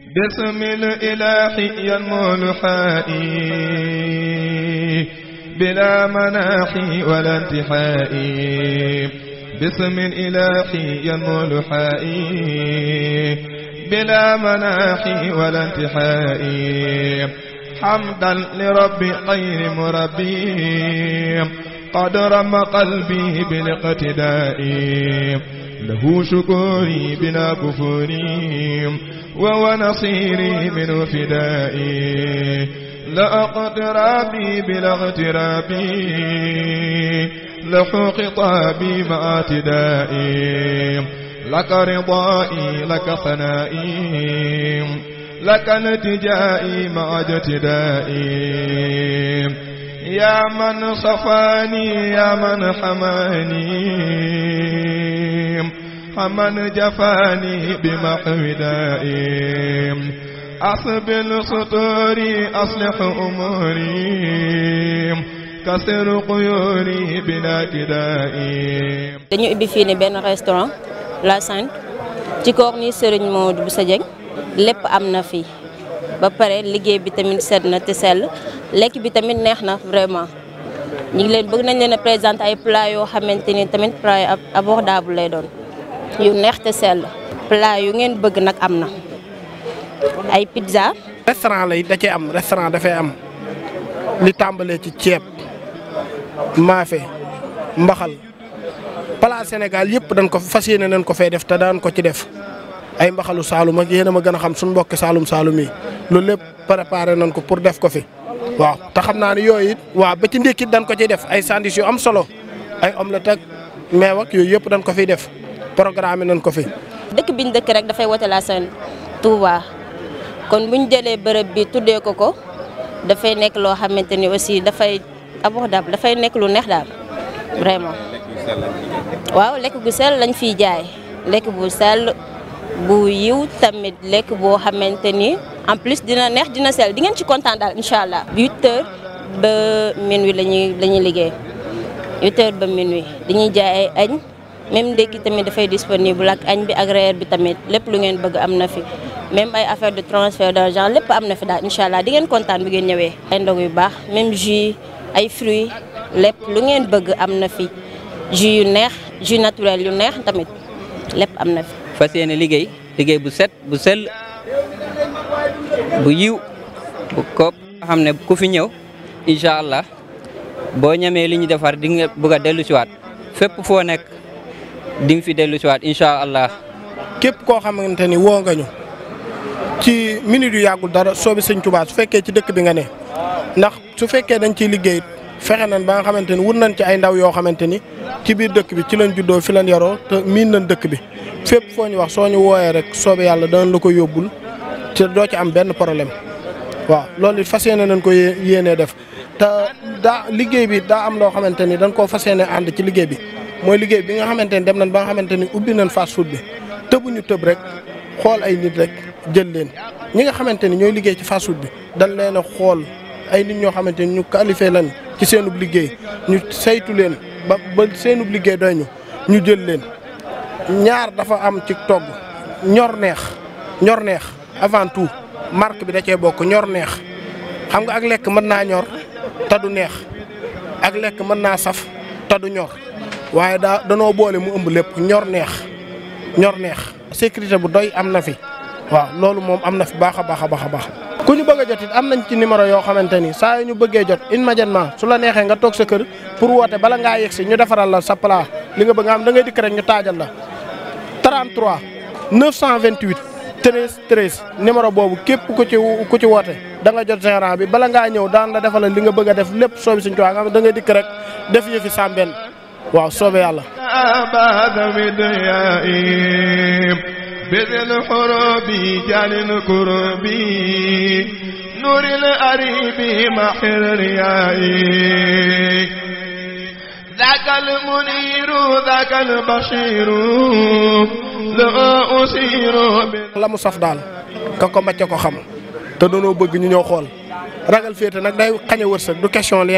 بسم الإله ينمو لحائي بلا مناحي ولا انتحائي بسم الإله ينمو لحائي بلا مناحي ولا انتحائي حمدا لربي غير مربي قد رم قلبي بالاقتدائي له شكوري بلا كفوري وهو نصيري من فدائي لأقترابي بلا اغترابي لحو خطابي مع اعتدائي لك رضائي لك ثنائي لك التجائي مع اجتدائي يا من صفاني يا من حماني فمن جفاني بمقودائي أصبل سطوري أصلح أموري كسر قيوري بلا dañu ubbi fii ni benn restaurant La Sainte ci corniche Serigne Modou Bousso Dieng lépp am na fi ba pare liggéey bi tamit set na te sell lekk bi tamit neex na vraiment ñu leen bëgg nañ leen a présenter ay plat yoo xamante ni tamit plat abordable lay doon yu neex te sell plat yu ngeen bëgg nag am na ay pizza. restaurant lay da cee am restaurant dafay am li tàmbalee ci ceeb maafe mbaxal plat Sénégal yëpp dañ ko fas yéene nañ ko fee def te daan ko ci def ay mbaxalu Saalum ak yéen ma gën a xam suñu mbokki Saalum Saalum yi loolu lépp préparé nañ ko pour def ko fi. waaw te xam naa ne yooyu waa waaw ba ci ndékkit dañ ko ciy def ay sandwich yu am solo ay omelette ak meew ak yooyu yëpp dañ ko fiy def. programme nañ ko fi. dëkk bi ñu dëkk rek dafay wote la seen Touba kon bu ñu jëlee bërëb bi tuddee ko ko dafay nekk loo xamante ni aussi dafay abordable dafay nekk lu neex daal vraiment. waaw lekk gu sell lañ fiy jaay lekk bu sell bu yiw tamit lekk boo xamante ni en plus dina neex dina sell di ngeen ci kontaan daal incha allah. huit heures ba minuit la ñuy liggéey huit heures ba minuit dañuy jaay añ. même ndékki tamit dafay disponible ak añ bi ak bi tamit lépp lu ngeen bëgg am na fi même ay affaire de transfert d'argent lépp am na fi daal incha allah di ngeen kontaan bi ñëwee. ay ndog yu baax même jus ay fruits lépp lu ngeen bëgg am na fi jus yu neex jus naturel yu neex tamit lépp am na fi. fas yéene liggéey liggéey bu set bu sell bu yiw bu koop xam ne ku fi ñëw incha allah boo ñamee li ñu defar di nga bëgg a dellu siwaat fépp foo nekk. di nga fi dellu si waat incha allah. képp koo xamante ni woo nga ñu ci minute yu yàggul dara soobi sëñ Tuubaa su fekkee ci dëkk bi nga ne ndax su fekkee dañ ciy liggéey fexe nañ ba nga xamante ni wut nañ ci ay ndaw yoo xamante ni ci biir dëkk bi ci lañ juddoo fi lañ yaroo te miin nañ dëkk bi fépp foo ñu wax soo ñu wooyee rek soobe yàlla danañ la ko yóbbul te doo ci am benn problème waaw loolu it fas yéene nañ ko yéenee def te daa liggéey bi daa am loo xamante ni dañ koo fas yéene ànd ci liggéey bi. mooy liggéey bi nga xamante ni dem nañ ba nga xamante ni ubbi nañ fast food bi tëbuñu tëb rek xool ay nit rek jël leen ñi nga xamante ni ñooy liggéey ci fast food bi dañ leen a xool ay nit ñoo xamante ni ñu qualifié lan ci seenub liggéey ñu saytu leen ba ba seenub liggéey doy ñu ñu jël leen ñaar dafa am ci togg ñor neex ñor neex avant tout marque bi da cee bokk ñor neex xam nga ak lekk mën naa ñor te du neex ak lekk mën naa saf te du ñor waaye daa danoo boole mu ëmb lépp ñor neex ñor neex sécurité bu doy am na fi waaw loolu moom am na fi baax a baax a baax ku ñu bëgg a jot am nañ ci numéro yoo xamante ni saa ñu bëggee jot immédiatement su la neexee nga toog sa kër pour woote bala ngaa yegg si ñu defaral la sa plat li nga bëgg am da ngay dikk rek ñu taajal la 33 928 13 13 numéro boobu képp ku ci ku ci woote da jot gérant bi bala ngaa ñëw daan la defalal li nga bëgg a def lépp soobi suñ tuwaa nga da ngay dikk rek def yëfi sàmbeen waaw soobe yàlla bada widyayi bidil xorobi jalil korobi nuril aribi maxirriyayi ذاك المنير ذاك البشير لا أسير la mu saf daal ka ko mbàcce ko xam te doonoo bëgg ñu ñëw xool ragal féete nag day xañe wërsëg du question li